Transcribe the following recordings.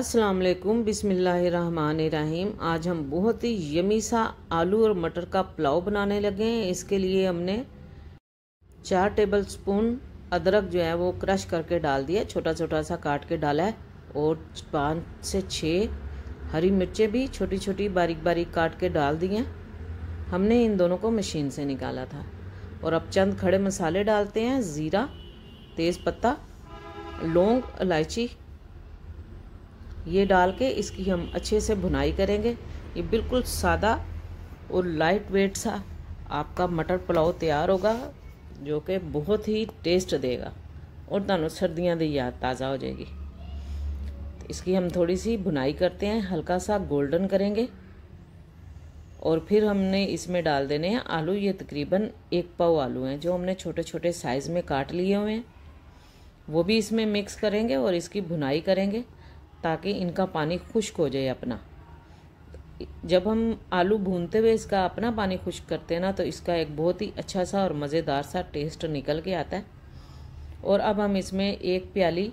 अस्सलाम वालेकुम बिसमीम आज हम बहुत ही यमी सा आलू और मटर का पुलाव बनाने लगे हैं इसके लिए हमने चार टेबल स्पून अदरक जो है वो क्रश करके डाल दिया छोटा छोटा सा काट के डाला है और पाँच से छः हरी मिर्चें भी छोटी छोटी बारीक बारीक काट के डाल दी हैं हमने इन दोनों को मशीन से निकाला था और अब चंद खड़े मसाले डालते हैं ज़ीरा तेज़ पत्ता लौंग इलायची ये डाल के इसकी हम अच्छे से भुनाई करेंगे ये बिल्कुल सादा और लाइट वेट सा आपका मटर पुलाव तैयार होगा जो कि बहुत ही टेस्ट देगा और ਤੁਹਾਨੂੰ सर्दियों की याद ताज़ा हो जाएगी इसकी हम थोड़ी सी भुनाई करते हैं हल्का सा गोल्डन करेंगे और फिर हमने इसमें डाल देने हैं आलू ये तकरीबन एक पाव आलू हैं जो हमने छोटे छोटे साइज़ में काट लिए हुए हैं वो भी इसमें मिक्स करेंगे और इसकी भुनाई करेंगे ताकि इनका पानी खुश्क हो जाए अपना जब हम आलू भूनते हुए इसका अपना पानी खुश्क करते हैं ना तो इसका एक बहुत ही अच्छा सा और मज़ेदार सा टेस्ट निकल के आता है और अब हम इसमें एक प्याली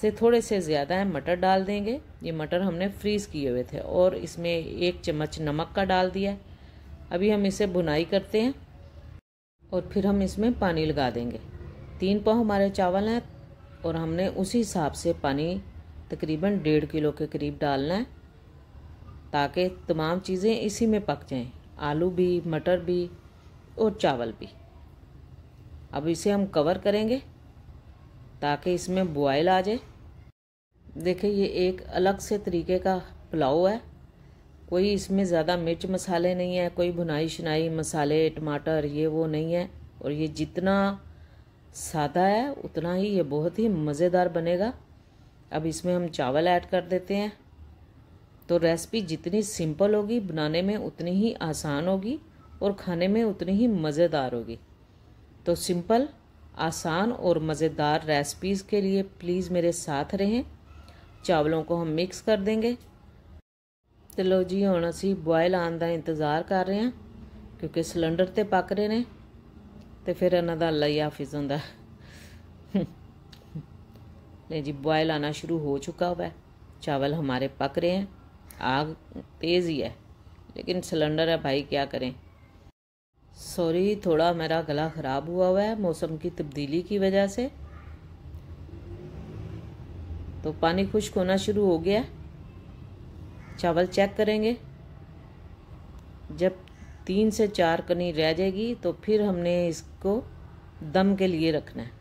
से थोड़े से ज़्यादा है मटर डाल देंगे ये मटर हमने फ्रीज़ किए हुए थे और इसमें एक चम्मच नमक का डाल दिया अभी हम इसे भुनाई करते हैं और फिर हम इसमें पानी लगा देंगे तीन पाव हमारे चावल हैं और हमने उसी हिसाब से पानी तकरीबन डेढ़ किलो के करीब डालना है ताकि तमाम चीज़ें इसी में पक जाएं आलू भी मटर भी और चावल भी अब इसे हम कवर करेंगे ताकि इसमें बॉयल आ जाए देखिए ये एक अलग से तरीके का पुलाव है कोई इसमें ज़्यादा मिर्च मसाले नहीं है कोई भुनाई शनाई मसाले टमाटर ये वो नहीं है और ये जितना सादा है उतना ही ये बहुत ही मज़ेदार बनेगा अब इसमें हम चावल ऐड कर देते हैं तो रेसिपी जितनी सिंपल होगी बनाने में उतनी ही आसान होगी और खाने में उतनी ही मज़ेदार होगी तो सिंपल आसान और मज़ेदार रेसिपीज़ के लिए प्लीज़ मेरे साथ रहें चावलों को हम मिक्स कर देंगे तो लो जी हम असी बॉयल ਆਨ का इंतज़ार कर रहे हैं क्योंकि सिलेंडर तो पक रहे हैं तो फिर इन्हों ਦਾ ਅੱਲਾ लें जी बॉयल आना शुरू हो चुका हुआ है चावल हमारे पक रहे हैं आग तेज़ ही है लेकिन सिलेंडर है भाई क्या करें सॉरी थोड़ा मेरा गला ख़राब हुआ हुआ है मौसम की तब्दीली की वजह से तो पानी खुश्क होना शुरू हो गया चावल चेक करेंगे जब तीन से चार कनी रह जाएगी तो फिर हमने इसको दम के लिए रखना है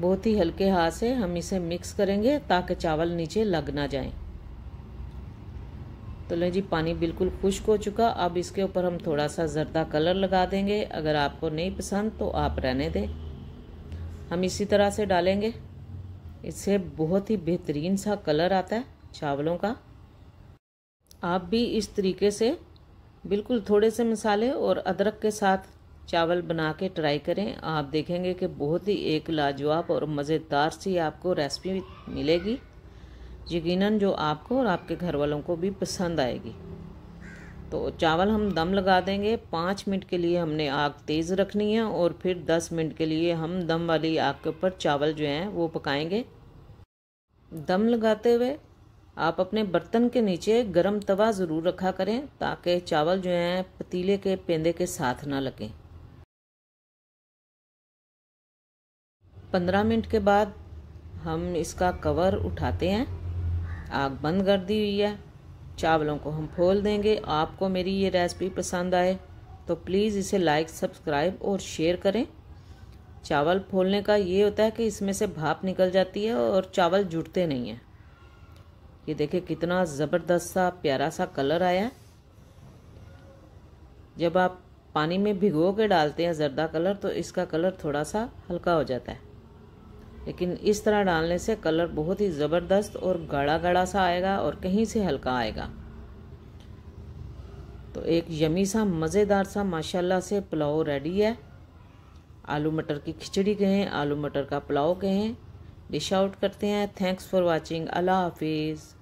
बहुत ही हल्के हाथ से हम इसे मिक्स करेंगे ताकि चावल नीचे लग ना जाए तो लें जी पानी बिल्कुल खुश्क हो चुका अब इसके ऊपर हम थोड़ा सा जरदा कलर लगा देंगे अगर आपको नहीं पसंद तो आप रहने दें हम इसी तरह से डालेंगे इससे बहुत ही बेहतरीन सा कलर आता है चावलों का आप भी इस तरीके से बिल्कुल थोड़े से मसाले और अदरक के साथ चावल बना के ट्राई करें आप देखेंगे कि बहुत ही एक लाजवाब और मज़ेदार सी आपको रेसिपी मिलेगी यकीनन जो आपको और आपके घर वालों को भी पसंद आएगी तो चावल हम दम लगा देंगे पाँच मिनट के लिए हमने आग तेज़ रखनी है और फिर दस मिनट के लिए हम दम वाली आग के ऊपर चावल जो हैं वो पकाएंगे दम लगाते हुए आप अपने बर्तन के नीचे गरम तवा ज़रूर रखा करें ताकि चावल जो हैं पतीले के पेंदे के साथ ना लगें पंद्रह मिनट के बाद हम इसका कवर उठाते हैं आग बंद कर दी हुई है चावलों को हम खोल देंगे आपको मेरी ये रेसिपी पसंद आए तो प्लीज़ इसे लाइक सब्सक्राइब और शेयर करें चावल फोलने का ये होता है कि इसमें से भाप निकल जाती है और चावल जुड़ते नहीं हैं ये देखिए कितना ज़बरदस्त सा प्यारा सा कलर आया है जब आप पानी में भिगो के डालते हैं जर्दा कलर तो इसका कलर थोड़ा सा हल्का हो जाता है लेकिन इस तरह डालने से कलर बहुत ही ज़बरदस्त और गाढ़ा गाढ़ा सा आएगा और कहीं से हल्का आएगा तो एक यमी सा मज़ेदार सा माशाल्लाह से पुलाव रेडी है आलू मटर की खिचड़ी कहें आलू मटर का पुलाव कहें डिश आउट करते हैं थैंक्स फॉर वाचिंग अल्लाह हाफिज़